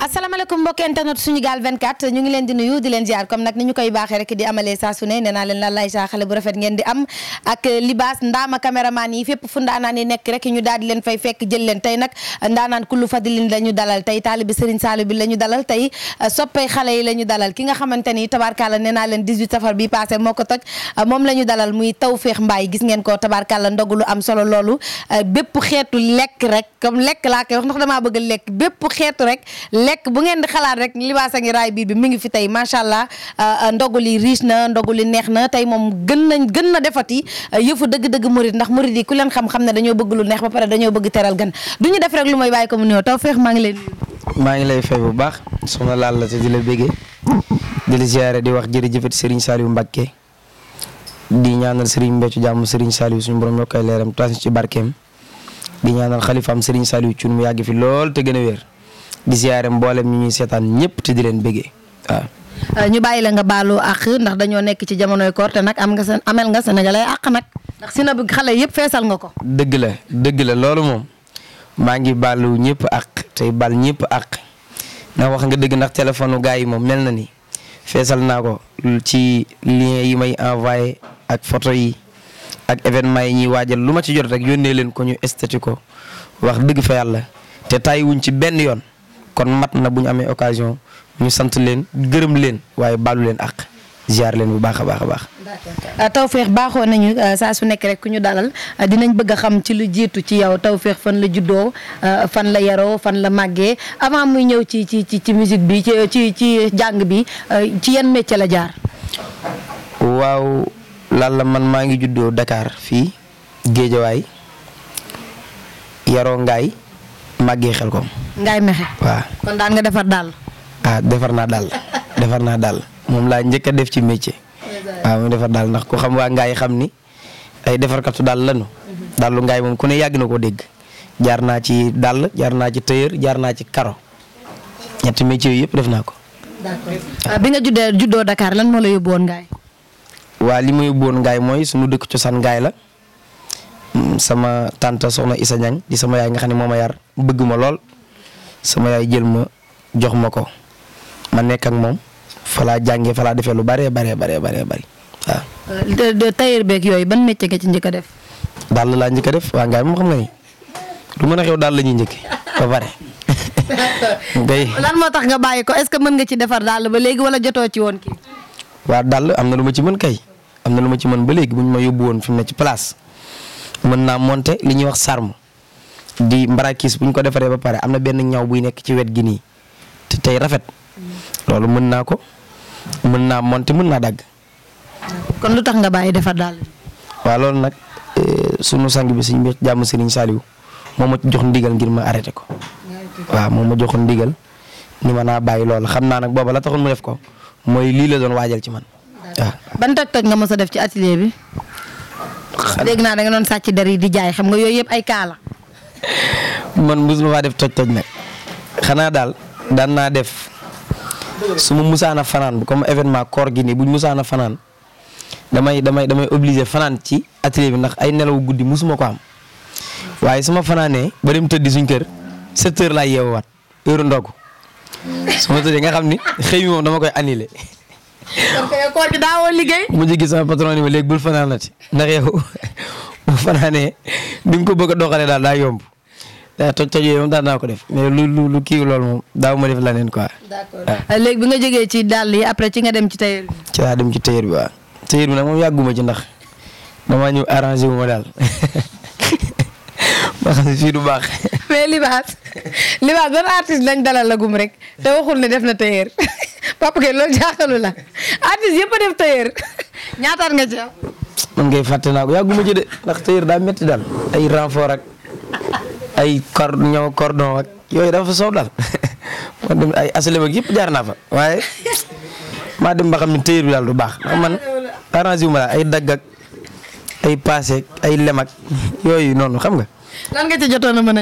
asalaamaaleykum mbokki internet Sunugal 24 ñu ngi leen di nuyu di leen ziar comme nag ni ñu koy baaxee rek di amalee saa su ne nee leen la lay saa xale ngeen di am ak libaas ndaama caméraman yi fépp fu ndaanaan nekk rek ñu daal di leen fay fekk jël tey nag ndaanaan kullu fadilin la ñu dalal tey taalibi Serigne Saliou bi la ñu dalal tey soppay xale yi la ñu dalal ki nga xamante ni tabarkalla nee naa leen 18 safar bi passé moo ko toj moom la ñu dalal muy Tawfekh Mbaye gis ngeen ko tabarkalla ndogu lu am solo loolu bépp xeetu lekk rek comme lekk laa koy wax damaa bëgg lekk bépp xeetu rek lekk bu ngeen di xalaat rek libaas a ngi raay biir bi mi ngi fi tey macha allah euh, euh, ndogu li riis na ndogu li neex na tey moom gën nañ gën na defati euh, yëfu dëgg-dëgg murit ndax murit yi ku leen xam-xam ne dañoo bëgg lu neex ba pare dañoo bëgg teral gan du ñu def rek lu may bàyyi ko mu nuyoo Tawfekh maa ngi lay nuyu. maa ngi lay fay bu baax soxna laal la te di la bëggee di la ziare di wax jërëjëfati Serigne Saliou Mbacké di ñaanal Serigne Mbeccu jàmm sëriñ Saliou suñu borom yokkay leeram ci barkeem di ñaanal xalifaam Serigne Saliou Thioune mu yàgg fi lool te gën a wér di siyaare mboolem ñu ñuy seetaan ñëpp te di leen bëggee waaw. Euh, ñu bàyyi la nga baalu àq ndax dañoo nekk ci jamonoy koor te nag am nga seen amel nga sénégalais àq nag ndax si na xale yëpp feesal nga ko. dëgg la dëgg la loolu moom maa ngi baalu ñëpp àq tey baal ñëpp àq ndax wax nga dëgg ndax téléphone gaa yi moom mel na ni feesal naa ko ci lien yi may envoyé ak photo yi ak événement yi ñuy waajal lu ma ci jot rek yónnee leen ko ñu esthétique ko wax dëgg fa yàlla te tàyyiwuñ ci benn yoon. kon mat na bu ñu amee occasion ñu sant leen gërëm leen waaye baalu leen ak ziar leen bu baax a baax a baax. d'accord euh, tawféex baaxoo nañu euh, saa su nekk rek ku ñu dalal euh, dinañ bëgg a xam ci lu jiitu ci yow tawféex fan la juddoo fan la yaroo fan la màggee avant muy ñëw ci ci ci ci musique bi ci ci ci jàng bi ci yan métier la jaar. waaw Lalla man maa ngi juddoo dakaar fii Géejawaay yaroo Ngaay màggee xel kom ngaay mexe waaw kon daan nga defar daal. ah defar naa daal defar naa daal moom laa njëkk a def ci métier. waaw mu defar daal ndax ku xam waa ngaay xam ni ay defarkatu daal lanu daal lu ngaay moom ku ne yàgg na ko dégg jaar naa ci dàll jaar naa ci tëyër jaar naa ci karo ñetti métiers yooyu yëpp def naa ko. d'accord ah, bi nga juddoo juddoo Dakar lan moo la yóbbu woon ngaay. waa li ma yóbbu woon ngaay mooy suñu dëkk cosaan ngaay la. Mm, sama tante soxna Issa Niang di sama yaay nga xam ne moo ma yar bëgg ma lool sama yaay jël ma jox ma ko ma nekk ak moom falaa laa jàngee fa defee lu bëree bare bëree bëree bëri waaw. Euh, de de tailleur yooyu ban métier nga ci njëkk a def. daal laa njëkk def waa ngaay moom xam nga ni lu mën a xew daal la ñuy njëkk ba pare. day lan moo tax nga bàyyi ko est-ce que mën nga ci defar daal ba léegi wala jotoo ci woon kii. waa daal am na lu ma ci mën kay am na lu ma ci mën ba léegi bu ñu ma yóbbu woon fi mu ne ci place. mën naa monte li ñuy wax sarme di mbarakis bu ñu ko defaree ba pare am na benn ñaw buy nekk ci wet gi nii te tey rafet loolu mën naa ko mën naa monter mën naa dagg. kon lu tax nga bàyyi defar daal. waaw loolu nag eh, sunu sang bi suñu jàmm Serigne Saliou moo ma jox ndigal ngir ma arrêté ko. waaw moom mu joxoon ndigal ni ma naa bàyyi loolu xam naa nag booba la taxoon mu def ko mooy lii la doon waajal ci man. waaw ban tag nga mës def ci atelier bi. dégg naa da nga doon sàcc der yi di jaay xam nga yooyu yëpp ay kaala man mosuma faa def toj-toj nag xanaa daal daan naa def suma ma musaana fanaan comme événement koor gi nii buñ musaana fanaan damay damay damay obligé fanaan ci atelier bi ndax ay nelaw guddi mosuma ko am waaye suma fanaanee ba dem tëddi suñ kër sept lay laay yeewaat heure ndogu su tëddee nga xam ni xëy mi moom dama koy annulé. kon kay koor gi daawoo liggéey. mujj gi sama patron ni ma léegi bul fanaanati ndax fanaanee ni nga ko bëgg a doxalee daal daa yomb daa toj toj yooyu moom daan naa ko def lu kii loolu moom daaw ma def leneen quoi. d'accord euh, léegi bi ci dàll yi après ci nga dem ci tailleur ci laa ci tailleur bi bi nag moom yàgguma ci ndax damaa ñëw arrangé wu ma daal. ma xam ne fii du baax. mais Libaas Libaas ban artiste lañ dalal la gum rek te waxul ne def na tailleur. papa kay loolu jaaxalu la artiste yëpp a def tailleur ñaataat nga ci am. man ngay fàtte naa ko yàgguma ci de ndax tailleur daa métti daal ay renfort ak ay ñaw cordon ak yooyu dafa soob daal man dem ay asalem ak yëpp jaar naa fa waaye maa dem ba xam ne tailleur bi daal baax ndax man ma ay dagg ak ay paase noonu xam nga. lan nga ci jotoon a man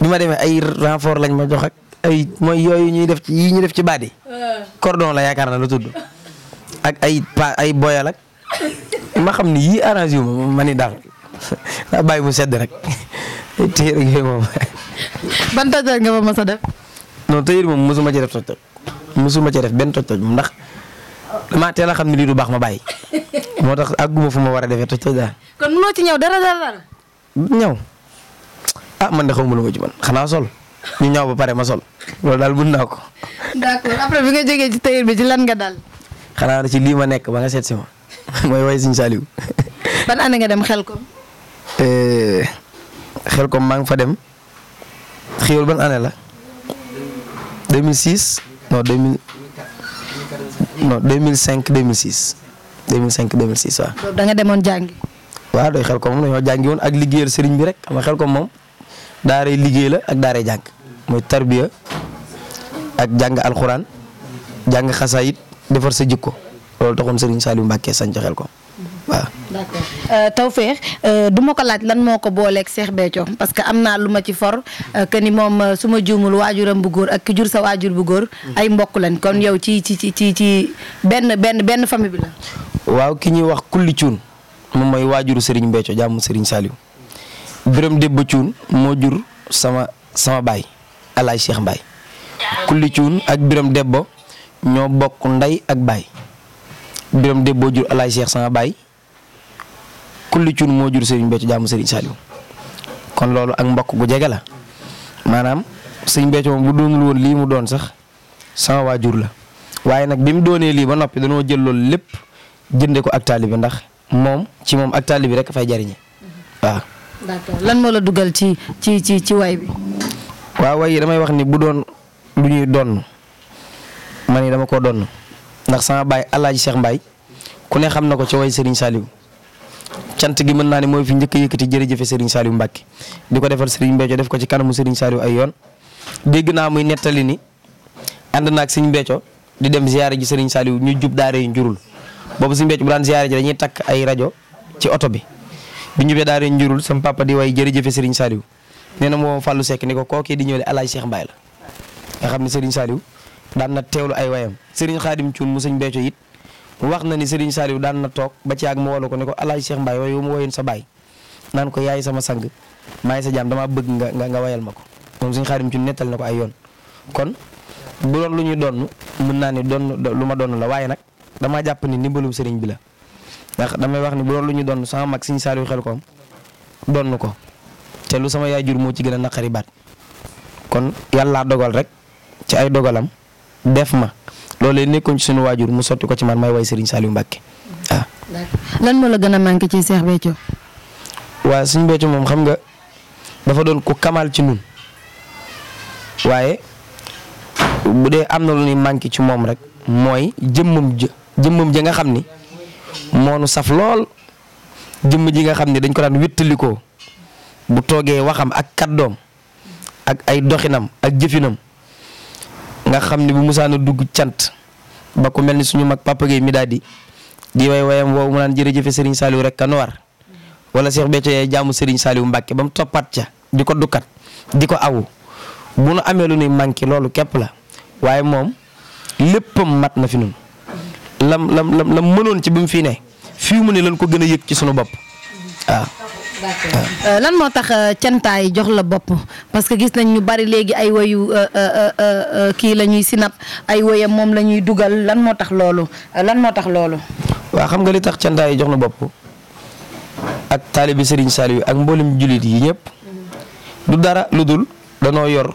bi ma demee ay ranfor lañ ma jox ay mooy yooyu ñuy def ci yii ñuy def ci baat yi. Euh. cordon la yaakaar na lu tudd ak ay pa ay boyal ak ma xam ni yii arrangé wu ma ma ni daal daa bàyyi mu sedd rek téye rek yooyu moom. ban toj-toj nga fa def. non tey moom mosuma ci def toj-toj def benn toj-toj ndax damaa teel a xam ni lii du baax ma bàyyi moo tax àgguma fu ma war a defee toj-toj daal. kon mënoo ci ñëw dara dara dara. ah man de xaw ma lu ma ci man xanaa sol. ñu ñaw ba pare ma sol loolu daal mën naa ko. d'accord bi nga jógee ci tayir bi ci lan nga daal. xanaa ci lii ma nekk ba nga seet mooy way Sëñ Saliou. ban année nga dem xel ko. xel ko maa ngi fa dem xéwal ban année la 2006 non 2000 non 2005 2006 2005 2006 waaw. boobu da nga demoon jàngi. waa doy xel ko moom dañoo jàngi ak liggéeyal sëriñ bi rek xam xel ko moom. daaray liggéey la ak daaray jàng mooy tarbiya ak jàng alxuraan jàng xasaayit defar sa jikko loolu taxoon Serigne Saliou Mbacke sañ joxeel ko waaw. d'accord euh, Tawfekh euh, du ma ko laaj lan moo ko booleek seex Béthio parce que am naa lu ma ci for euh, que ni moom su ma juumul waajuram bu góor ak ki jur sa waajur bu góor. ay mbokk lañ kon yow ci ci ci ci ci benn benn benn famille bi la. waaw ki ñuy wax kulli cuun moom mooy waajuru Serigne Béthio jàmm Serigne Saliou. Biram Debba Cuun moo jur sama sama baay alaay Cheikh Mbaye kulli Cuun ak Biram Debba ñoo bokk ndey ak baay Biram Debba jur alaay Cheikh sama baay kulli Cuun moo jur Serigne Béthio jaamu Serigne Saliou kon loolu ak mbokk gu jege la maanaam Serigne Béthio moom bu doonul woon lii mu doon sax sama waajur la waaye nag bi mu doonee lii ba noppi danoo jël loolu lépp jënde ko ak taalibe ndax moom ci moom ak taalibe rekk fay jariñe waa lan moo la dugal ci ci ci ci bi. waaw way damay wax ni bu doon lu ñuy donn man ni dama ko donn ndax sama baay Alaaji Cheikh Mbaye ku ne xam na ko ci way Serigne saaliw cant gi mën naa ne mooy fi njëkk a yëkkati jërëjëfe Serigne Saliou Mbacke di ko defal Serigne Béthio def ko ci kanamu Serigne Saliou ay yoon dégg naa muy nettali ni ànd naag Serigne Béthio di dem ziare ji sëriñ Saliou ñu jub daare yu njurul boobu si Béthio bu daan ziare ji dañuy takk ay rajo ci oto bi. bi ñu daare njurul sama papa di way jërëjëfe Serigne Saliou nee na moo Fallou Seck ni ko kookee di ñëwle alaaj Cheikh Mbaye la nga xam ne Serigne Saliou daan na teewlu ay wayam Serigne Khadim Thioune mu sëñ Béthio it wax na ni Serigne Saliou daan na toog ba ci yàgg mu wolu ko ne ko alaaj Cheikh Mbaye waaye mu woyoon sa baay naan ko yaay sama sang maay sa jaam dama bëgg nga nga wayal ma ko moom Serigne Khadim Thioune nettal na ko ay yoon kon bu doon lu ñuy doon mën naa ne doon lu ma doon la waaye nag damaa jàpp ni ndimbalum Serigne bi la ndax damay wax ni bu doon lu ñu doon sama mag Sëriñ Saaliw xel koom doon ko te lu sama yaay jur moo ci gën a naqari baat kon yàlla dogal rek ci ay dogalam def ma loolee nekkoon ci suñu waajur mu sotti ko ci man may way Serigne Saliou Mbacke waaw. lan gën a manqué ci Cheikh Béthio. waaw suñu Béthio moom xam nga dafa doon ku kamal ci nun waaye bu dee am na lu ñuy ci moom rek mooy jëmmam jë ja nga xam ni. moonu saf lool jëmm ji nga xam ne dañ ko daan wéttalikoo bu toogee waxam ak kaddoom ak ay doxinam ak jëfinam nga xam ni bu musaana dugg cant ba ku mel ni suñu mag Papa Gueye mi daal di way wayam woowu mu naan jërëjëfe Serigne Saliou rek kanu war wala seex Béthio yaay jaamu Serigne Saliou Mbacke ba mu toppaat ca di ko dukkat di ko awu bu nu amee lu nuy manqué loolu képp la waaye moom léppam mat na fi nun lam lam lam lam mënoon ci bi fii ne fii mu ne lañ ko gën a yëg ci sunu bopp euh, lan moo tax euh, cantaay jox la bopp parce que gis nañ ñu bari léegi ay woyu euh, kii la ñuy ay woyam moom la dugal lan moo tax loolu lan moo tax loolu. waaw xam li tax cantaay jox na bopp ak taalibi Serigne Saliou ak mboolim jullit yi ñëpp mm-hmm. du dara lu danoo yor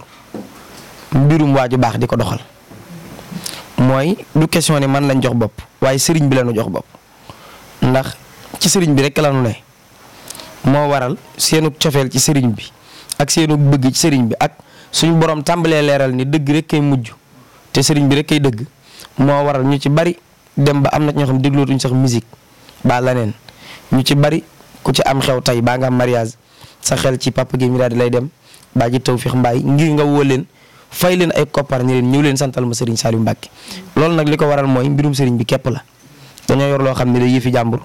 mbirum waaju baax di ko doxal. mooy du question ne man lañ jox bopp waaye sëriñ bi lañu jox bopp ndax ci sëriñ bi rek lañu ne moo waral seenu cofeel ci sëriñ bi ak seenu bëgg ci sëriñ bi ak suñu borom tàmbalee leeral ni dëgg rek kay mujj te sëriñ bi rek kay dëgg moo waral ñu ci bari dem ba am na ñoo xam déglootuñ sax musique ba leneen ñu ci bari ku ci am xew tey baa nga am mariage sa xel ci papa gi mi daal di lay dem baa ji Tawfekh Mbaye ngir nga woo leen fay leen ay koppar ñi leen ñëw leen santal ma Serigne Saliou Mbacke loolu nag li ko waral mooy mbirum Serigne bi képp la dañoo yor loo xam ne day yëfi jàmbur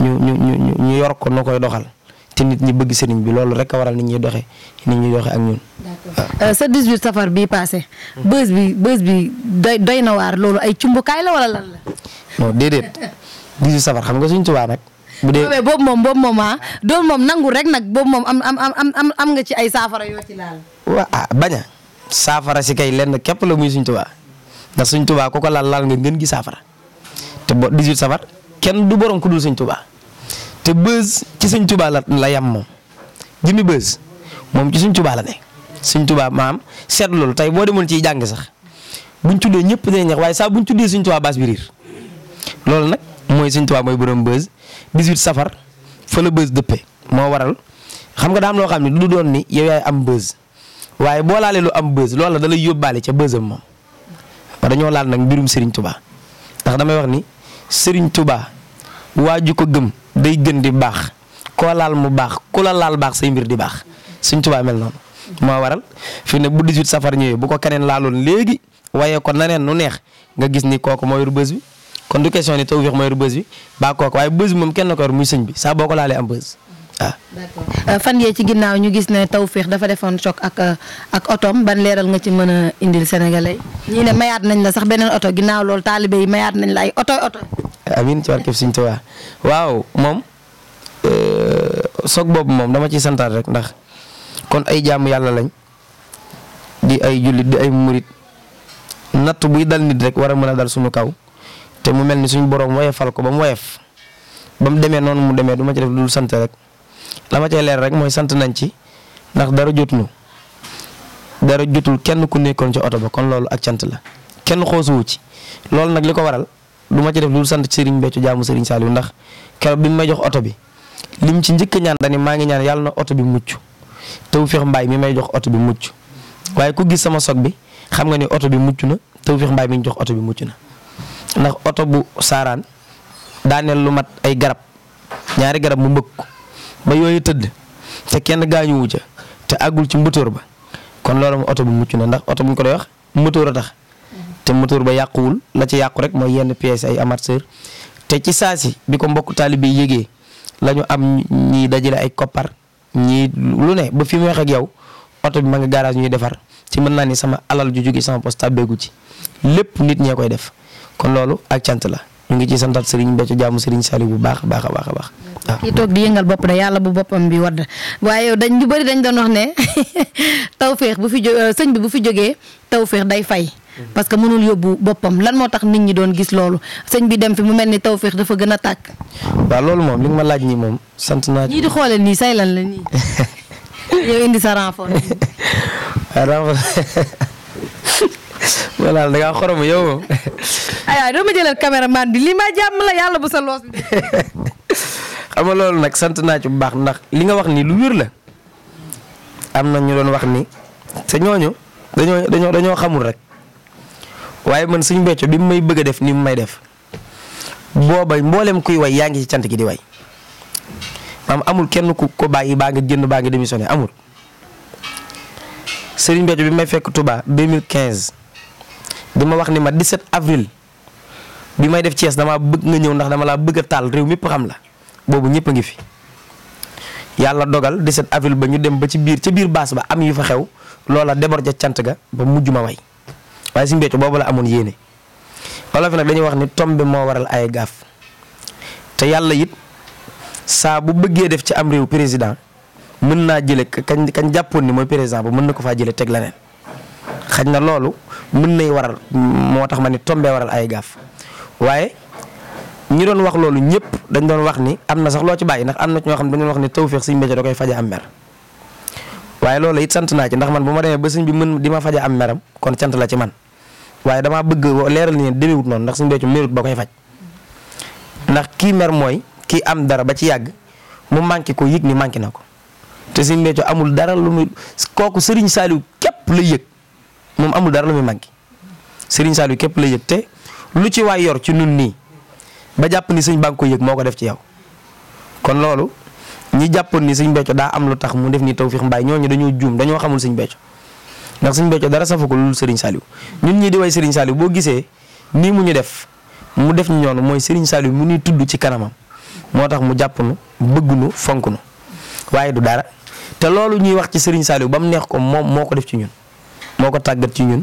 ñu ñu ñu ñu yor ko noo koy doxal te nit ñi bëgg Serigne bi loolu rek a waral nit ñuy doxee nit ñuy doxee ak ñun. d'accord euh, sa 18 safar bii passé. bës bi bës bi doy doy na waar loolu ay cumbukaay la wala lan la. non déedéet 18 safar xam nga suñ Tuubaa nag. bu dee mais boobu moom boobu moom ah doon moom nangu rek nag boobu moom am am am am am nga ci ay saafara yoo ci laal. waa ah, baña saafara si kay lenn képp la muy suñ tubaa ndax suñ tubaa ku ko laal laal nga ngeen gi saafara te bo 18 safar kenn du borom ku dul suñ tubaa te bës ci suñ tubaa la la yem moom jëmmi bës moom ci suñ tubaa la ne suñ tubaa maam seetlu loolu tey boo demoon ciy jàng sax buñ tuddee ñëpp dinañ ñax waaye saa buñ tuddee suñ tubaa baas bi riir loolu nag mooy suñ tubaa mooy borom bës 18 safar fa la bës dëppee moo waral xam nga daam loo xam ne du doon ni yow yaay am bës. waaye boo laalee lu am bës loola dalay yóbbaale ca bësam moom wa dañoo laal nag mbirum sëriñ tubaa ndax damay wax ni Serigne tubaa waa ju ko gëm day gën di baax koo laal mu baax ku la laal baax say mbir di baax Serigne Touba mel noonu. moo waral fi ne bu 18 safar ñëwee bu ko keneen laaloon léegi waaye kon na neen nu neex nga gis ni kooku mooy yor bës bi kon du question ni Tawfekh moo yor bës bi baa kooku waaye bës moom kenn ko yor muy sëñ bi saa boo ko laalee am waaw. Euh, fan yee ci ginnaaw ñu gis ne Tawfekh dafa defoon sook ak euh, ak otoom ban leeral nga ci mën a indil sénégalais ñii ne mayaat nañ la sax beneen oto ginnaaw loolu taalibe yi mayaat nañ la ay oto oto. amiin ci barkeb Sëriñ Tuubaa waaw moom euh, choc boobu moom dama ciy santaat rek ndax kon ay jaamu yàlla lañ di ay jullit di ay murit natt buy dal nit rek war a mën a dal suñu kaw te mu mel ni suñ borom woyefal ko ba mu woyef ba demee noonu mu demee du ma ci def lu dul la ma cay leer rek mooy sant nañ ci ndax dara jotuñu dara jotul kenn ku nekkoon ci oto ba kon loolu ak sant la kenn xoosuwu ci loolu nag li ko waral du ma ci def lu sant Serigne Béthio jaamu Serigne Saliou ndax keroog bi mu may jox oto bi lim ci njëkk ñaan dani maa ngi ñaan yàlla na oto bi mucc Tawfekh Mbaye mi may jox oto bi mucc waaye ku gis sama soog bi xam nga ni oto bi mucc na Tawfekh Mbaye mi jox oto bi mucc na ndax oto bu saaraan daaneel lu mat ay garab ñaari garab mu mbëkk ba yooyu tëdd te kenn gaañuwu ca te àggul ci moteur ba kon loolu moom oto bu mucc na ndax oto bu ñu ko doy wax moteur a tax te moteur ba yàquwul la ci yàqu rek mooy yenn pièces ay amortisseur te ci saasi bi ko mbokk taalibe yëgee lañu am ñii dajale ay koppar ñii lu ne ba fi mu weex ak yow oto bi ma ngi garage ñuy defar ci mën naa ni sama alal ju jóge sama poste tàbbeegu ci lépp nit ñee koy def kon loolu ak cant la. ñu ngi ci santat Serigne Béthio jaamu Serigne Saliou bu baax a baax baax a baax. waaw ah. kii toog di yëngal bopp da yàlla bu boppam bi wadd waaye yow dañ ñu bëri dañ doon wax ne tawféex bu fi jo euh, sëñ bi bu fi jógee tawféex day fay. Mm-hmm. parce que mënul yóbbu boppam lan moo tax nit ñi doon gis loolu sëñ bi dem fi mu mel ni tawféex dafa gën a tàkk. waaw loolu moom li nga ma laaj nii moom sant naa. ñii di xoolal nii say lan la nii. yow indi sa renfort. voilà da ngaa xorom yow. aywa doo ma jëlal caméraman bi lii ma jàmm la yàlla bu sa loos bi. xam nga loolu nag sant naa bu baax ndax li nga wax nii lu wér la am na ñu doon wax ni te ñooñu dañoo dañoo dañoo xamul rek waaye man suñu becco bi mu may bëgg a def ni mu may def booba mboolem kuy way yaa ngi ci cant gi di way maam amul kenn ku ko bàyyi baa nga jënd baa nga démissionné amul Serigne Béthio bi may fekk Touba 2015. ma wax ni ma 17 avril bi may def Thiès damaa bëgg nga ñëw ndax dama laa bëgg a taal réew mépp xam la boobu ñëpp a ngi fi. yàlla dogal set avril ba ñu dem ba ci biir ci biir baas ba am yu fa xew loola déborder cant ga ba mujj ma way waaye suñu béykat boobu la amoon yéene wala fi nag dañuy wax ni tombe moo waral ay gaaf te yàlla it saa bu bëggee def ci am réew président mën naa jële ka kañ jàppoon ni mooy président ba mën na ko faa jële teg leneen xaj na loolu mën nay waral moo tax ma ni tombee waral ay gaaf waaye ñi doon wax loolu ñëpp dañ doon wax ni am na sax loo ci bàyyi ndax am na ñoo xam ne dañu wax ni tawféex sëñ bi da koy faja am waaye loolu it sant naa ci ndax man bu ma demee ba sëñ bi mën di ma faja am meram kon sant la ci man waaye damaa bëgg leeral ni demewut noonu ndax sëñ Béthio merut ba koy faj ndax kii mer mooy kii am dara ba ci yàgg mu manqué ko yëg ni manqué na ko te sëñ Béthio amul dara lu muy kooku sëriñ Saliou képp la yëg moom amul dara lu muy màgg sëriñ Saliou képp la yëg te lu ci waay yor ci nun nii ba jàpp ni suñ bànk ko moo ko def ci yow kon loolu ñi jàppoon ni sëñ becco daa am lu tax mu def taw tawfiix mbaay ñooñu dañoo juum dañoo xamul sëñ becco ndax sëñ becco dara safu ko lu Serigne Saliou ñun ñi di way Serigne Saliou boo gisee nii mu ñu def mu def ñu ñoonu mooy Serigne Saliou mu ñuy tudd ci kanamam moo tax mu jàpp nu bëgg nu fonk nu waaye du dara te loolu ñuy wax ci Serigne Saliou ba mu neex ko moom moo ko def ci ñun moo ko tàggat ci ñun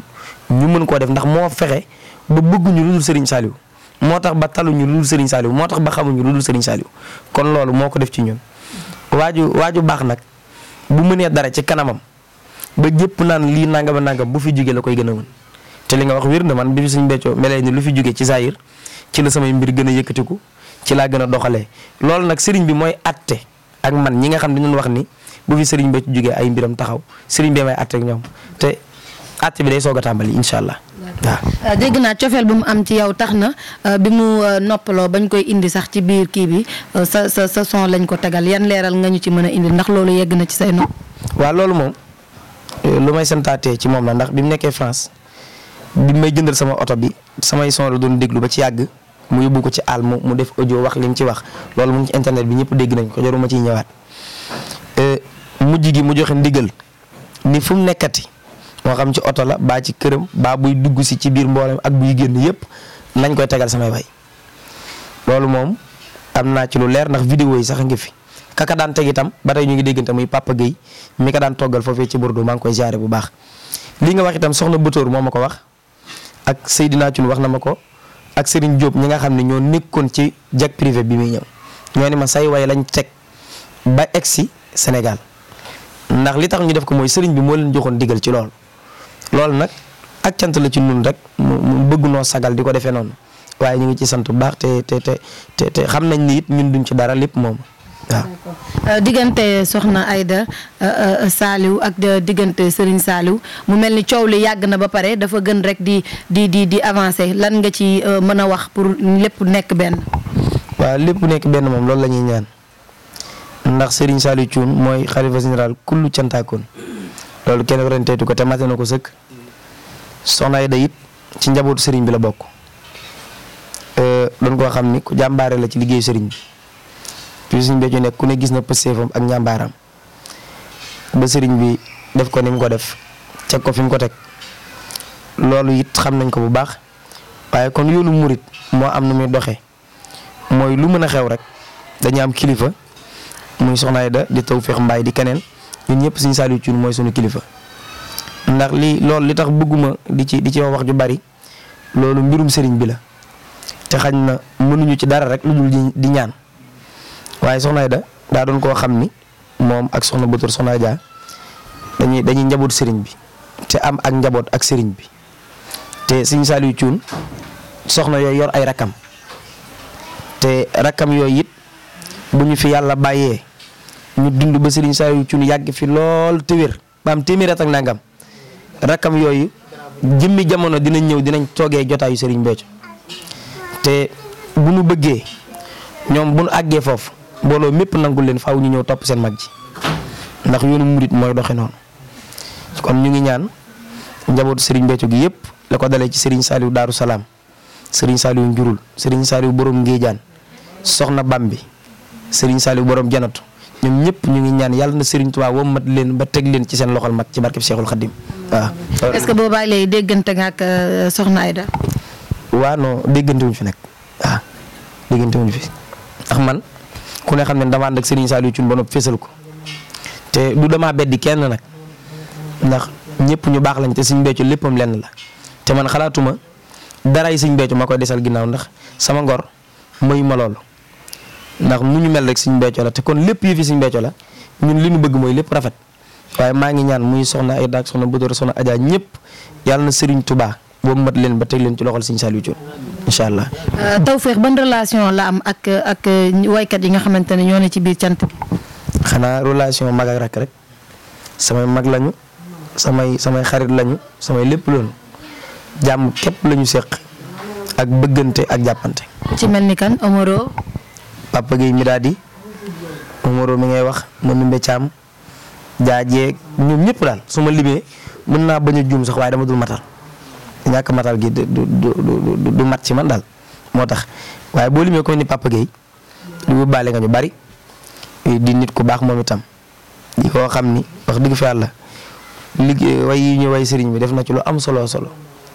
ñu mën koo def ndax moo fexe ba bëgguñu lu dul Serigne Saliou moo tax ba taluñu lu dul Serigne Saliou moo tax ba xamuñu lu dul Serigne Saliou kon loolu moo ko def ci ñun. waaju waaju baax nag bu mënee dara ci kanamam ba jëpp naan lii nangam nangam bu fi jugee la koy gën a mën te li nga wax wér na man bi fi suñu béccoo melee ni lu fi jugee ci saayir ci la samay mbir gën a yëkkatiku ci laa gën a doxalee loolu nag sëriñ bi mooy atte ak man ñi nga xam dañu wax ni bu sëriñ ba ci jugee ay mbiram taxaw sëriñ bi may atte ñoom te àtt bi day soog a tàmbali incha allah. waaw euh, dégg naa cofeel bu mu am ci yaw tax na euh, bi mu euh, noppaloo bañ koy indi sax ci biir kii bi sa sa sa son lañ ko tegal yan leeral nga ñu ci mën a indi ndax loolu yegg na ci say nopp. waaw loolu moom lu may santaatee ci moom la ndax bi mu nekkee France bi may jëndal sama oto bi samay son la doon déglu ba ci yàgg mu yóbbu ko ci àll mu mu def audio wax li ci wax loolu mu ngi internet bi ñëpp dégg nañ ko jaruma ciy ñëwaat mujj gi mu joxe mu nekkati. moo xam ci oto la baa ci këram baa buy dugg si ci biir mboolem ak buy génn yépp nañ koy tegal samay way loolu moom am naa ci lu leer ndax vidéo yi sax ngi fi kaka daan teg itam ba tey ñu ngi déggante muy Papa Guèye mi ka daan toggal foofee ci Bordeaux maa ngi koy jaare bu baax li nga wax itam soxna Batoor moo ma ko wax ak Seydina Thioune wax na ma ko ak sëriñ Diop ñi nga xam ne ñoo nikkoon ci jag privé bi muy ñëw ñoo ni ma say way lañ teg ba egsi Sénégal ndax li tax ñu def ko mooy Serigne bi moo leen digal ci loolu loolu nag ak cant la ci nun rek mu bëgg noo sagal di ko defee noonu waaye ñu ngi ci sant bu baax te te te xam nañ ni ñun duñ ci dara lépp moom waaw. Euh, diggante soxna Aida euh, euh, saaliw ak diggante Serigne Saliou mu mel ni coow li yàgg na ba pare dafa gën rek di di di di avancer lan nga ci mën a wax pour lépp nekk benn. waaw lépp nekk benn moom loolu lañuy ñaan ndax Serigne Saliou Thioune mooy xalifa général kullu cantaakoon loolu kenn waranteetu ko te mate na ko sëkk soxna Aida it ci njabootu sëriñ bi la bokk doon koo xam ni ku jàmbaare la ci liggéey sëriñ bi puis suñ beeco nekk ku ne gis na pësteefam ak njàmbaaram ba sëriñ bi def ko ni mu ko def teg ko fi mu ko teg loolu it xam nañ ko bu baax waaye kon yoonu murit moo am nu muy doxee mooy lu mën a xew rek dañu am kilifa muy soxna Aida di feex Mbaye di keneen ñun ñëpp suñu Saliou Thioune mooy sunu kilifa ndax li loolu li tax bëgguma di ci di wax ju bari loolu mbirum sëriñ bi la te xañ na mënuñu ci dara rek lu dul di ñaan waaye soxna da daa doon koo xam ni moom ak soxna Batour soxna Dia dañuy dañuy njaboot sëriñ bi te am ak njaboot ak sëriñ bi te suñu Saliou Thioune soxna yooyu yor ay rakkam te rakkam yooyu it bu ñu fi yàlla bàyyee. ñu dund ba Serigne Saliou Thioune yàgg fi lool te wér ba am téeméer at ak nangam rakkam yooyu jëmmi jamono dinañ ñëw dinañ toogee jotaayu Serigne Béthio te bu nu bëggee ñoom bu nu àggee foofu mbooloo mépp nangul leen faaw ñu ñëw topp seen mag ji ndax yoonu murit mooy doxe noonu kon ñu ngi ñaan njaboot sëriñ Béthio gi yëpp la ko dalee ci Serigne Saliou Daaru Salaam Serigne Saliou Njurul Serigne Saliou borom Ngéejaan soxna baam bi Serigne Saliou borom Janatu ñoom ñëpp ñu ngi ñaan yàlla na Serigne Touba woo mat leen ba teg leen ci seen loxol mat ci barkeb Seexul Xaddim waaw. est-ce que déggante nga ak euh, Soxna Aida. waaw non déggante wuñ fi nag waaw déggante wuñ fi ndax man ku ne xam ne dama sëriñ ak Serigne Saliou Thioune ko te du damaa beddi kenn nag ndax ñëpp ñu baax lañ te suñ beccu léppam lenn la te man xalaatuma dara yi suñ beccu ma koy desal ginnaaw ndax sama ngor mayu ma loolu. ndax mu ñu mel rek suñ becco la te kon lépp yëf yi suñ becco la ñun li ñu bëgg mooy lépp rafet waaye maa ngi ñaan muy soxna ay daak soxna Budor soxna Adja ñëpp yàlla na Serigne tubaa boobu mat leen ba teg leen ci loxol Serigne Saliou Thioune incha allah. Euh, Tawfekh ban relation la am ak ak euh, waykat yi nga xamante ne ñoo ne ci biir cant bi. xanaa relation mag ak rakk rek samay mag lañu samay samay xarit lañu samay lépp loolu jàmm képp lañu séq ak bëggante ak jàppante. ci Papa Gueye mi daal di Omaro mi ngay wax Manoumbe Thiam jaajee ñoom ñëpp daal su ma limee mën naa bañ jum sax waaye dama dul ñàkk matal gi mat ci man daal moo tax waaye boo limee ko ni Papa Gueye lu baale nga ñu bari di nit ku baax moom itam di koo xam ni wax dëgg fa yàlla liggéey way yi ñu way sëriñ bi def na ci lu am solo solo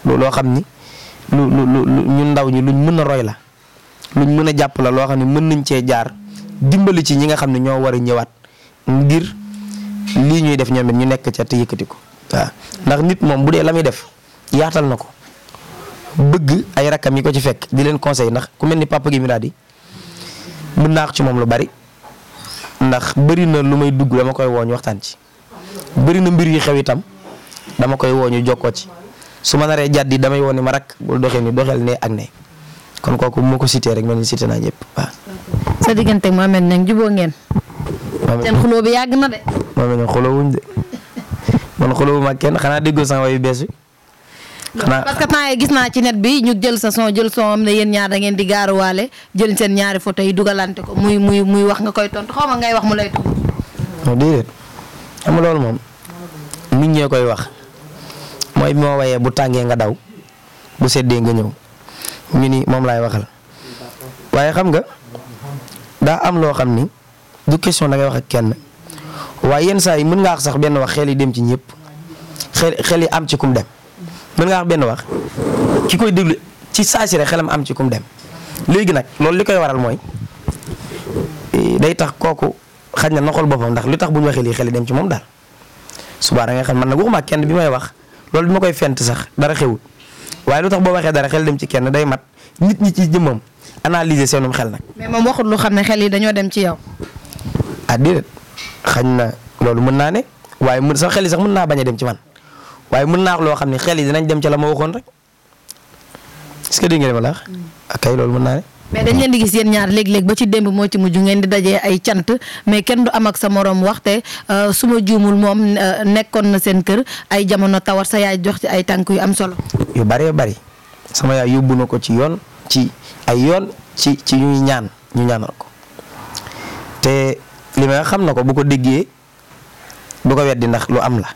loo xam ni lu lu lu ñu ndaw ñi luñ mën a roy la. luñ mën a jàpp la loo xam ne mën nañ cee jaar dimbali ci ñi nga xam ne ñoo war a ñëwaat ngir lii ñuy def ñoom it ñu nekk ca te yëkkati ko waaw ndax nit moom bu dee la muy def yaatal na ko bëgg ay rakkam yi ko ci fekk di leen conseil ndax ku mel ni papa gi mi daal di mën naa ci moom lu bari ndax bëri na lu may dugg dama koy woo waxtaan ci bëri na mbir yi xew itam dama koy woo ñu jokkoo ci su ma naree jàddi damay woo ni ma rakk bul doxee ni ne ak ne. kon kooku moo ko cité rek man cité naa ñëpp sa diggante Mohamed nag juboo ngeen. Mohamed seen xuloo bi yàgg na de. Mohamed nag xuloo wuñ de man xuloo wu kenn xanaa déggoo sama wayu bees bi. parce que temps gis naa ci net bi ñu jël sa son jël son am ne yéen ñaar da ngeen di gaaruwaale jël seen ñaari photo yi dugalante ko muy muy muy wax nga koy tontu xaw ma ngay wax mu lay tontu. loolu moom. nit ñee koy wax. mooy moo wayee bu tàngee nga daw bu seddee nga ñëw. ñu ni moom laay waxal waaye xam nga daa am loo xam ni du question da ngay wax ak kenn waaye yenn saa yi mën nga wax sax benn wax xel yi dem ci ñëpp xel yi am ci kum dem mën nga benn wax ki koy déglu ci saa si rek xelam am ci kum dem léegi nag loolu li koy waral mooy day tax kooku xaj na noxol boppam ndax li tax bu ñu waxee lii xel yi dem ci moom daal subaa da ngay xam man nag waxuma kenn bi may wax loolu bi ma koy fent sax dara xewul waaye lu tax boo waxee dara xel dem ci kenn day mat nit ñi ci jëmmam analyser seenum xel nag. mais moom waxut lu xam ne xel yi dem ci yow. ah déedéet na loolu mën naa ne waaye mën sax xel yi sax mën naa bañ a dem ci man waaye mën naa wax loo xam ne xel yi dinañ dem ci la ma waxoon rek est-ce que mm. ah, loolu mën naa mais dañ leen di gis yéen ñaar léeg-léeg ba ci démb moo ci mujj ngeen di dajee ay cant mais kenn du am ak sa moroom waxte euh, su ma juumul moom euh, nekkoon na seen kër ay jamono tawat sa yaay jox ci ay tànk yu am solo. yu bëree bëri sama yaay yóbbu na ko ci yoon ci ay yoon ci ci ñuy ñaan ñu ñaanal ko te li ma xam na ko bu ko déggee du ko weddi ndax lu am la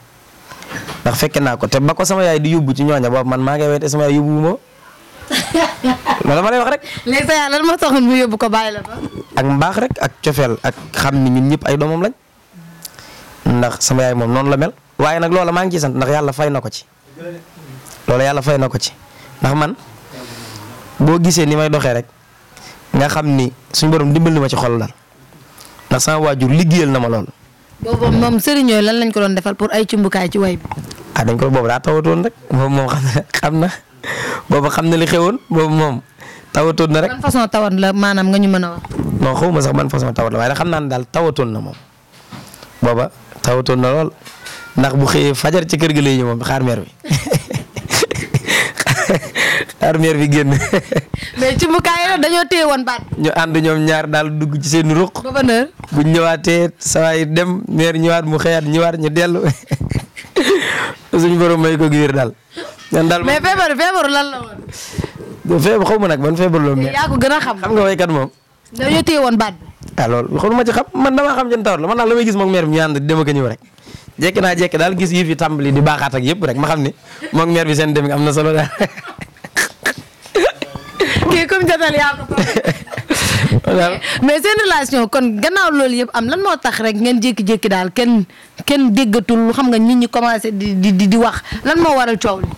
ndax fekke naa ko te ba ko sama yaay di yóbbu ci ñooña boobu man maa ngi weete sama yaay yóbbu ma la lay wax rek. léegi sa yaay lan moo ko bàyyi la fa. ak mbaax ak cofeel ak xam ni ñëpp ay doomam lañ ndax sama yaay moom noonu la mel waaye nag loola maa ngi ci sant ndax yàlla fay na ko ci loola yàlla fay na ko ci ndax man boo gisee ni may doxee rek nga xam ni suñu borom dimbal ni ma ci xol daal ndax sama waajur liggéeyal na ma lool. boobu moom sëriñ lan lañ ko doon defal pour ay cumbukaay ci way bi. ah dañ ko boobu daa tawatoon rek moom moom xam na. boobu xam na li xewoon boobu moom tawatoon na rek. ban façon la maanaam nga ñu mën a wax. non xaw ma sax man façon tawat la waaye xam naa ne daal tawatoon na moom booba tawatoon na lool ndax bu xëyee fajar ci kër gi lay ñëw moom xaar bi xaar meer bi génn. mais ci mukaay la dañoo téye baat. ñu ànd ñoom ñaar daal dugg ci seen ruq. ba bu ñëwaatee saa dem meer ñëwaat mu xëyaat ñëwaat ñu dellu suñu may ko giir daal. man daal mais feebar feebaru lan la woon. feebar xaw ma nag man feebar loolu. yaa ko gën a xam xam nga kat moom. dañoo téye woon baat a ah, lool loolu xaw ma ci xam man damaa xam jën tawar la man daal la may gis moom a ñëw rek. jekki naa jekki daal gis yëf yi tàmbali di baaxaat ak ma xam ni moom meer bi am na solo daal. kii comme jotal yaa mais seen relation kon gannaaw loolu yëpp am lan moo tax rek ngeen jékki-jékki daal kenn kenn déggatul xam nga nit ñi commencé di di di wax lan moo waral coow li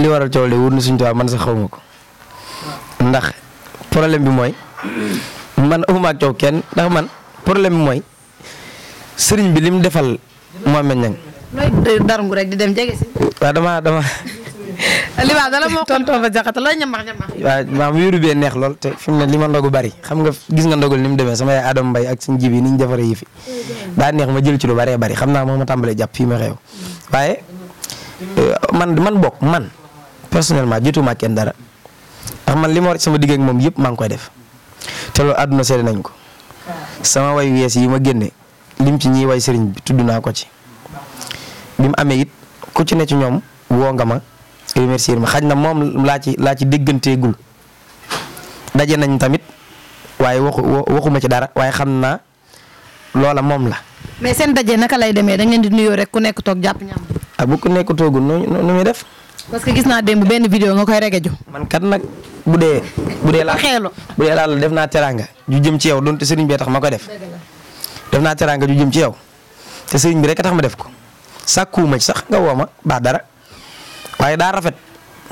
li waral coow li wut na suñu tubaab man sa xaw ma ko ndax problème bi mooy man amuma ak coow kenn ndax man problème bi mooy sëriñ bi lim defal Mouhamed Niang. looy darngu rek di dem jege si. waaw dama dama. li ma dala moo tonton ba bee neex lool te fi mu ne li ma ndogu bari xam nga gis nga ndogal ni mu demee sama yaay Adama Mbaye ak suñu ji bi ni ñu defaree yi fi daa neex ma jël ci lu baree bari xam naa moom ma tàmbalee jàpp fii ma xew waaye euh, man man bokk man. personnellement jotuma kenn dara ndax man li ma sama digg moom yëpp maa ngi koy def te loolu àdduna seede nañ ko. sama way wees yi ma génne lim ci ñiy way sëriñ bi tudd naa ko ci. bi mu amee it ku ci ne ñoom woo nga ma remercier ma xaj na moom laa ci laa ci dégganteegul daje nañ tamit waaye waxu waxuma ci dara waaye xam naa loola moom la. mais seen daje naka lay demee da ngeen di nuyoo rek ku nekk toog jàpp ñam. ah bu ku nekk toogul nu muy def. parce que gis naa démb benn vidéo nga koy regeju man kat nag bu dee. bu dee laa xeelu bu dee laa def naa teraanga ju jëm ci yow donte sëriñ bi tax ma ko def. def naa teraanga ju jëm ci yow te bi rek tax ma def ko sàkkuwuma ci sax nga woo ma baa dara waaye daa rafet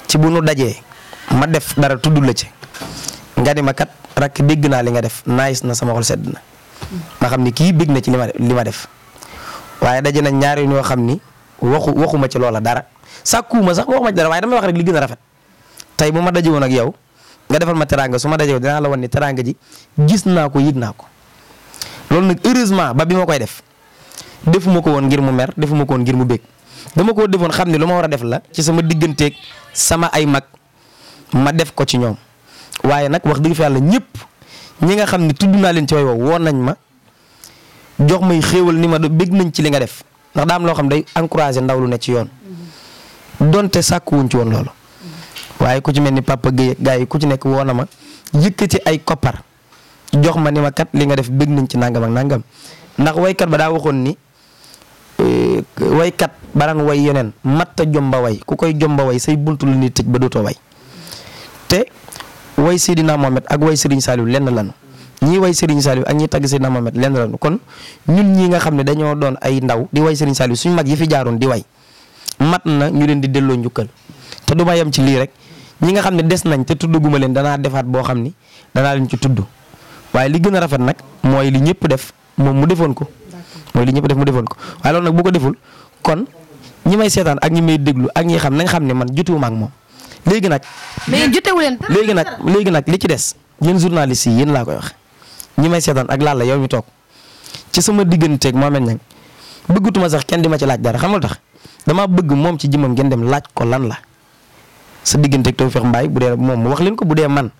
ci bu nu dajee ma def dara tudd la ci nga ni ma kat rakk dégg naa li nga def naayis na sama sedd na ma xam ni kii bég na ci li ma ma def waaye daje na ñaari ñoo xam ni waxu waxuma ci loola dara. sàkkuwuma sax waxuma ci dara waaye dama wax rek li gën a rafet tey bu ma daje woon ak yow nga defal ma teraanga su ma daje woon la wan ni teraanga ji gis naa ko yëg naa ko loolu nag heureusement ba bi ma koy def defuma ko woon ngir mu mer defuma ko woon ngir mu bég dama ko defoon xam ne lu war a def la ci sama digganteeg sama ay mag ma def ko ci ñoom waaye nag wax dëgg fa yàlla ñëpp ñi nga xam ne tudd naa leen ci way woo woon nañ ma jox may xéewal ni ma do bég nañ ci li nga def ndax daam loo xam day encouragé ndaw lu ne ci yoon donte sàkk wuñ ci woon loolu waaye ku ci mel ni papa Guèye gaa yi ku ci nekk woon na ma yëkkati ay koppar jox ma ni ma kat li nga def bëgg nañ ci nangam ak nangam ndax waykat ba daa waxoon ni euh, waykat ba daan way yeneen matta jomba way ku koy jomba way say buntu lu ñuy tëj ba dootoo way te way Seydina Mohamed ak way Serigne Saliou lenn lanu ñii way Serigne Saliou ak ñi tagg Seydina Mohamed lenn lanu kon ñun ñi nga xam ne dañoo doon ay ndaw di way Serigne Saliou suñu mag yi fi jaaroon di way mat na ñu leen di delloo njukkal te du ma yem ci lii rek ñi nga xam ne des nañ te tuddaguma leen danaa defaat boo xam ni danaa leen ci tudd waaye li gën a rafet nag mooy li ñëpp def moom mu defoon ko. moom li ñëpp def mu defoon ko waaye nag bu ko deful kon ñi may seetaan ak ñi may déglu ak ñi xam nañ xam ne man jotuwuma ak moom léegi nag. mais léegi nag léegi nag li ci des yéen journaliste yi yéen laa koy wax ñi may seetaan ak laal la yow mi toog ci sama digganteeg Mouhamed Niang bëggatuma sax kenn di ma ci laaj dara xam nga tax. damaa bëgg moom ci jëmmam ngeen dem laaj ko lan la sa diggante ak Tawfekh Mbaye bu dee moom wax leen ko bu dee man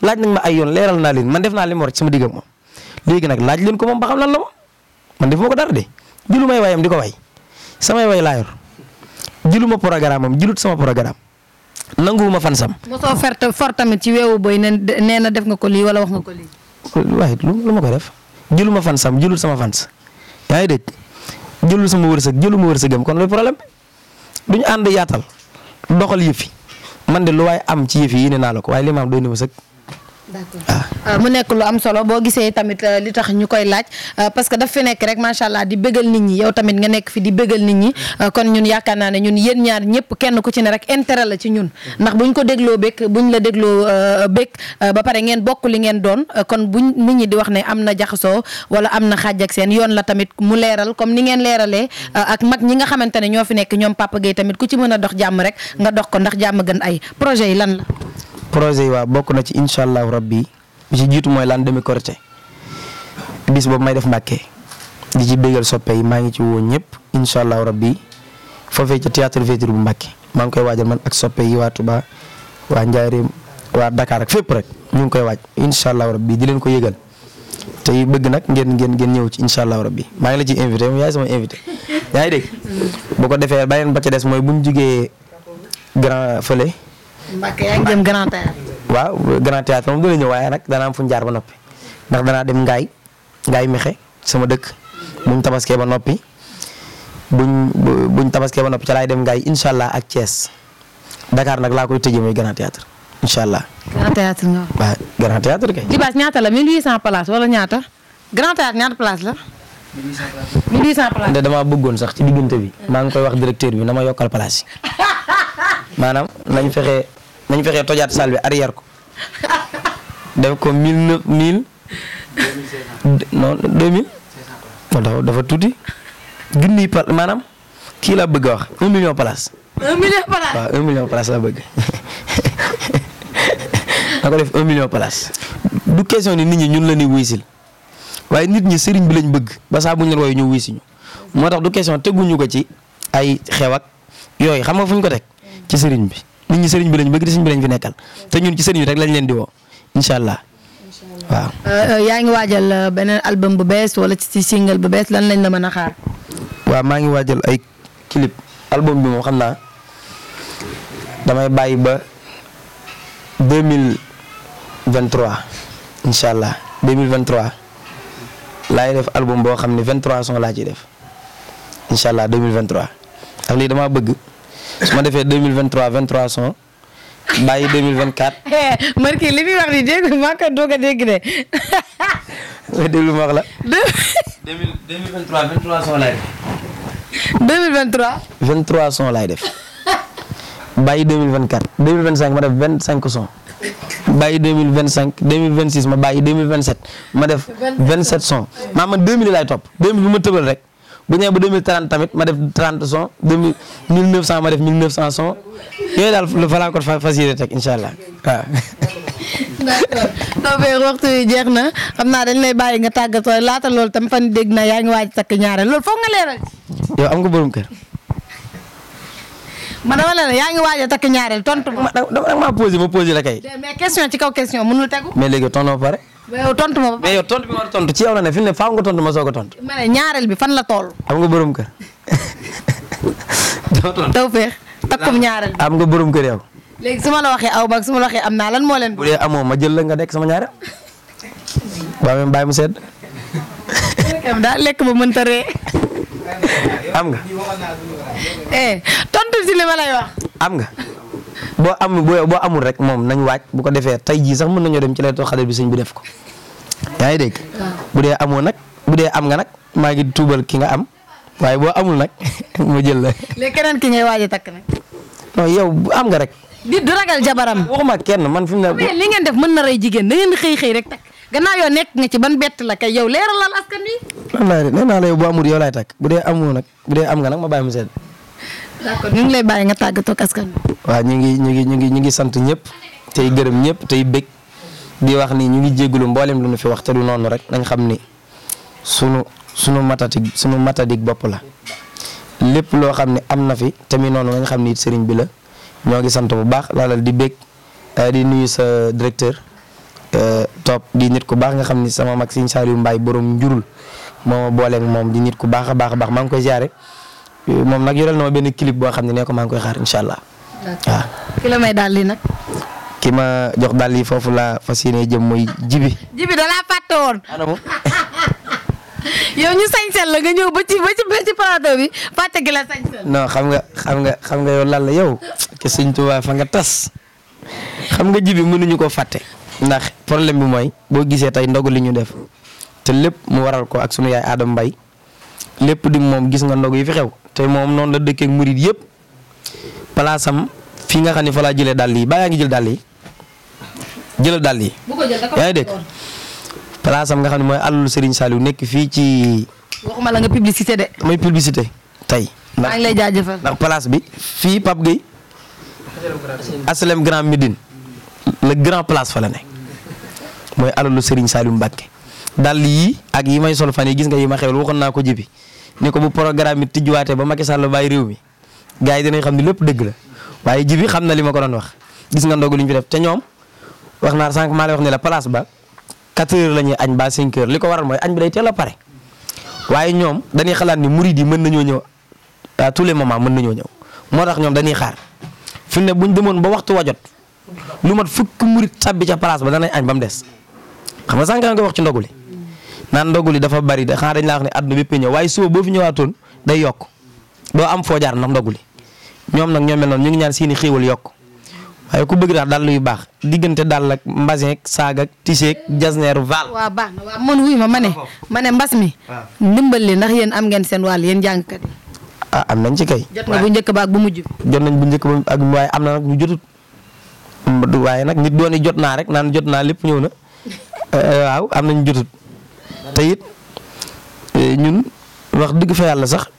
laaj nag ma ay yoon leeral naa leen man def naa li ma war ci sama diggam moom léegi nag laaj leen ko moom ba xam lan la moom man defuma ko dara de jëlu may waayam di ko way samay way laa yor jëlu ma programme am jëlut sama programme nanguwuma fan sam. mosoo ferte for tamit ci weewu boy nee na def nga ko lii wala wax nga ko lii. waaye lu ma ko def jëlu ma fan sam jëlut sama fans yaa ngi dégg jëlul sama wërsëg jëlu ma wërsëgam kon loolu problème duñu ànd yaatal doxal yëfi man de lu waaye am ci yëfi yi ne naa la ko waaye li ma am doy na ma d'accord ah. Ah, mu nekk lu am solo boo gisee tamit euh, li tax ñu koy laaj euh, parce que daf fi nekk rek macha allah di bëggal nit ñi yow tamit nga nekk fi di bégal nit ñi euh, kon ñun yaakaar naa ne ñun yéen ñaar ñëpp kenn ku ci ne rek intérêt la ci ñun ndax buñ ko dégloo békk buñ la dégloo békk ba pare ngeen bokk li ngeen doon kon buñ nit ñi di wax ne am na jaxasoo wala am na xaaj ak seen yoon la tamit mu leeral comme ni ngeen leeralee ak mag ñi nga xamante ne ñoo fi nekk ñoom Papa tamit ku ci mën a dox jàmm rek nga dox ko ndax jàmm ay projet yi lan la projet yi waa bokk na ci incha allahu rabbi bi ci jiitu mooy lan demi korité bis boobu may def mbàkkee di ci bégal soppe maa ngi ci woo ñëpp incha allahu rabbi foofee ca théâtre vétérinaire bu mbàkke maa ngi koy waajal man ak soppe yi waa Touba waa waa Dakar ak fépp ngi koy waaj incha allahu rabbi di leen ko yëgal te bëgg nag ngeen ngeen ngeen ñëw ci incha allahu rabbi maa ngi la ciy invité moom yaay sama invité ko defee beneen ba ca des mooy bu ñu jugee grand fële. Mbacke yaa ngi jëm Grand Théâtre. waaw Grand Théâtre moom du la ñëw waaye nag danaa am fu ba noppi ndax danaa dem Ngaye Ngaye Mexe sama dëkk buñ tabaskee ba noppi buñ buñ tabaskee ba noppi ca laay dem Ngaye incha allah ak Thiès Dakar nag laa koy tëjee muy Grand Théâtre incha allah. Grand Théâtre nga waaw Grand Théâtre kay. Djibass ñaata la 1800 places wala ñaata Grand Théâtre ñaata place la. 1800 places de damaa bëggoon sax ci diggante bi. maa ngi koy wax directeur bi na yokkal place yi maanaam nañ fexe. nañ fexee tojaat salle bi arrière ko def ko mille neuf mille. non deux mille. dafa tuuti tuuti. junniy par maanaam kii laa bëgg a wax un million place. un million place laa bëgg. na ko def un million place. du question ni nit ñi ñun la ni wuysil waaye nit ñi sëriñ bi lañ bëgg ba saa bu ñu leen woowee ñu wuysi ñu moo tax du question teguñu ko ci ay xew yooyu xam nga fuñ ko teg ci sëriñ bi. nit ñi sëriñ bi lañ bëgg di sëriñ bi lañ fi nekkal te ñun ci sëriñ bi rek lañ leen di woo incha allah waaw. Euh, yaa ngi waajal euh, beneen album bu bees wala ci single bu bees lan lañ la mën a xaar. waaw maa ngi waajal ay clip album bi moom xam naa damay bàyyi ba deux mille vingt trois allah deux mille vingt trois laay def album boo xam ne vingt trois son laa ciy def incha allah damaa bëgg. su ma defee deux mille vingt trois vingt trois cent bàyyi deux mille vingt quatre. Marquis li nga maa ngi koy doog a dégg de. ma la. deux mille deux mille vingt trois laay def. deux mille vingt trois. vingt trois cent laay def bàyyi deux mille vingt quatre deux mille vingt cinq ma def vingt cinq cent. bàyyi deux mille vingt ma bàyyi deux mille vingt sept ma def. vingt deux mille laay topp deux mille bu ma tëbal rek. bu ñëwee ba 2030 tamit ma def 30 son 2000 1900 ma def 1900 son yooyu daal lu fa laa ko fas yéene teg incha waxtu jeex na xam naa dañ ne bàyyi nga tàggatoo laata loolu tamit fan dégg na yaa ngi waaj takk ñaareel loolu foog nga leeral. yow kër. ma dama la ne yaa ngi waaj a takk ñaareel tontu ma. dama dama posé ma posé la kay. question ci kaw question mënul tegu. mais léegi tontu ma pare. mais yow tontu ma ba mais yow tontu bi war a tontu ci yow la ne fi mu ne faaw nga tontu ma soog a tontu. ma ne ñaareel bi fan la toll. am nga borom kër. doo tontu taw feex takkum ñaareel bi. am nga borom kër yow. léegi su ma la waxee aw ba su ma la waxee am naa lan moo leen. bu dee amoo ma jël la nga nekk sama ñaareel. waaw même bàyyi mu sedd. am daal lekk ba mënta ree. am nga. eh tontu si li ma lay wax. am nga. boo am boo amul rek moom nañ waaj bu ko defee tey jii sax mën nañoo dem ci laylatul xadar bi sëñ bi def ko yaa ngi dégg bu dee amoo nag bu dee am nga nag maa ngi tuubal ki nga am waaye boo amul nag ma jël la. léegi keneen ki ngay waaj a takk nag. non yow am nga rek. di du ragal jabaram. waxuma kenn man fi mu ne. li ngeen def mën na rey jigéen da ngeen xëy xëy rek takk gannaaw nekk nga ci ban bett la kay yow leeralal askan wi. nee naa la boo amul yow laay takk bu dee amoo nag bu dee am nga nag ma bàyyi mu sedd. d'accord ñu ngi lay bàyyi nga tàggatoo ak waaw ñu ngi ñu ngi ñu ngi ñu ngi sant ñëpp tey gërëm ñëpp tey bég di wax nii ñu ngi jégalu mboolem lu ñu fi wax te du noonu rek nañ xam ni sunu sunu matati sunu matadik bopp la. lépp loo xam ne am na fi tamit noonu nañ xam ni sëriñ bi la ñoo ngi sant bu baax laalal di bég eh, di nuyu sa directeur eh, topp di nit ku baax nga xam ni sama mag Sëriñ Saliou Mbaye borom njurul moom ma booleeg moom di nit ku baax a baax baax maa ngi koy ziare. moom nag yoreel na ma benn clip boo xam ne ne ko maa ngi koy xaar incha allah. waaw may daal lii nag. ki ma jox daal lii foofu laa fa yéene jëm mooy jibi. jibi da laa fàtte woon. yow xam nga xam nga xam nga yow la yow. ke sëñ Tuubaa fa nga tas. xam nga jibi mënuñu ko fàtte. ndax problème bi mooy boo gisee tey ndogu li ñu def te lépp mu waral ko ak sunu yaay Adam Mbaye lépp di moom gis nga ndog yi fi xew te moom noonu la dëkkeek murit yëpp palaasam fii nga xam ne fa laa jëlee dàll yi baa yaa ngi jël dàll yi jëlal dàll yi. bu ko dégg palaasam nga xam ne mooy àllul Serigne Saliou nekk fii ci. waxuma la nga de. mooy publicité tey. maa ngi lay jaajëfal ndax place bi fii Pape Gueye. aslem Grand Médine. le grand place fa la ne mooy alalu Serigne Saliou Mbacke dàll yii ak yi may sol fan yi gis nga yi ma xewal waxoon naa ko jibi ni ko bu programme bi tijjuwaatee ba Macky Sall bàyyi réew mi gars yi danay xam ni lépp dëgg la waaye jibi xam na li ma ko doon wax gis nga ndogu li ñu fi def te ñoom wax naa sànq maa lay wax ne la place ba 4 heures la ñuy añ ba 5 li ko waral mooy añ bi day teel a pare waaye ñoom dañuy xalaat ni murid yi mën nañoo ñëw à tous les moments mën nañoo ñëw moo tax ñoom dañuy xaar fi ne buñ demoon ba waxtu wajot lu mat fukki murid tàbbi ca place ba danay añ ba mu des xam nga sànq nga wax ci ndogu li naan ndogu li dafa bari de xanaa dañ laa wax ne àdduna bépp ñëw waaye suba boo fi ñëwaatoon day yokk doo am foo jaar ndax ndogu li ñoom nag ñoo mel noonu ñu ngi ñaan seeni xéewal yokk waaye ku bëgg daal dàll yu baax diggante dàll ak mbasin ak saag ak tiseeg jasneeru vaal. waaw baax na waaw man wuy ma ma ne. ma ne mbas mi. ndimbal li ndax yéen am ngeen seen wàll yéen jàngkat yi. ah am nañ ci kay. jot na bu njëkk ba ak bu mujj. jot nañ bu njëkk ba ak waaye am na nag ñu jotut waaye nag nit dooni jot naa rek naan jot naa lépp ñëw na eh, waaw am nañ jotut te it eh, ñun wax dëgg fa yàlla sax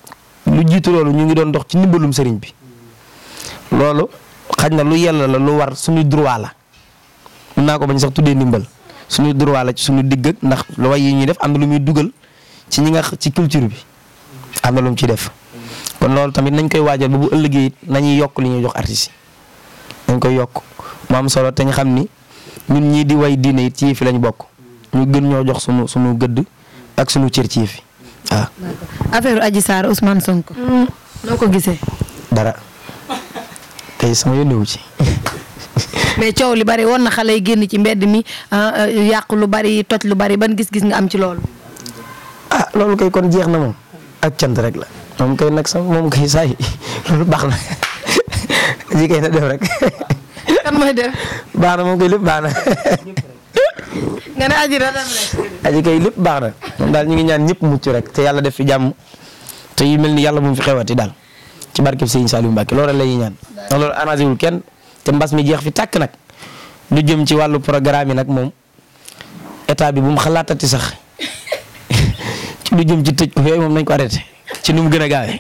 lu jiitu loolu ñu ngi doon dox ci ndimbalum sëriñ bi loolu xaj na lu yàlla la lu war suñuy droit la naa ko bañ sax tuddee ndimbal suñuy droit la ci suñu digg ndax lu way yi ñuy def am na lu muy dugal ci ñi nga ci culture bi am na lu mu def kon loolu tamit nañ koy waajal ba bu ëllëgee it nañuy yokk li ñuy jox artistes yi nañ koy yokk mu am solo te ñu xam ni ñun ñii di way diine it ci fi lañ bokk. ñu gën ñoo jox sunu sunu gëdd ak sunu cër ci fi waaw. affaire Adji Sarr Ousmane Sonko. Hmm. noo ko gisee. dara tey sama yónnewu ci. mais coow li bari woon na xale yi génn ci mbedd mi ah, ah, yàq lu bari toj lu bari ban gis-gis nga am ci loolu. ah loolu kay kon jeex na moom ak cant rek la moom kay nag sax moom kay saay loolu baax na moom kay lépp baax na. nga ne aji da kay lépp baax na moom daal ñu ngi ñaan ñëpp mucc rek te yàlla def fi jàmm te yu mel ni yàlla bu mu fi xewati daal ci barkeb Serigne Saliou Mbacke loolu rek la ñuy ñaan ndax loolu arrangé wul kenn te mbas mi jeex fi tàkk nag lu jëm ci wàllu programme yi nag moom état bi bu mu xalaatati sax ci lu jëm ci tëj ko yooyu moom nañ ko arrêté ci nu mu gën a gaawee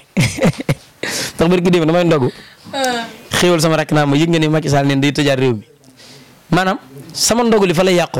ndax barki démb damay ndogu ah. xéewal sama rakk naa ma yëg nga ne Macky Sall neen day tëjaat réew mi sama ndog li fa la yàqu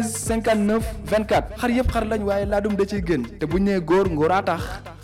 13 59 24 xar yëpp xar lañ waaye laa dum da ciy te bu ñu nee góor ngóoraa tax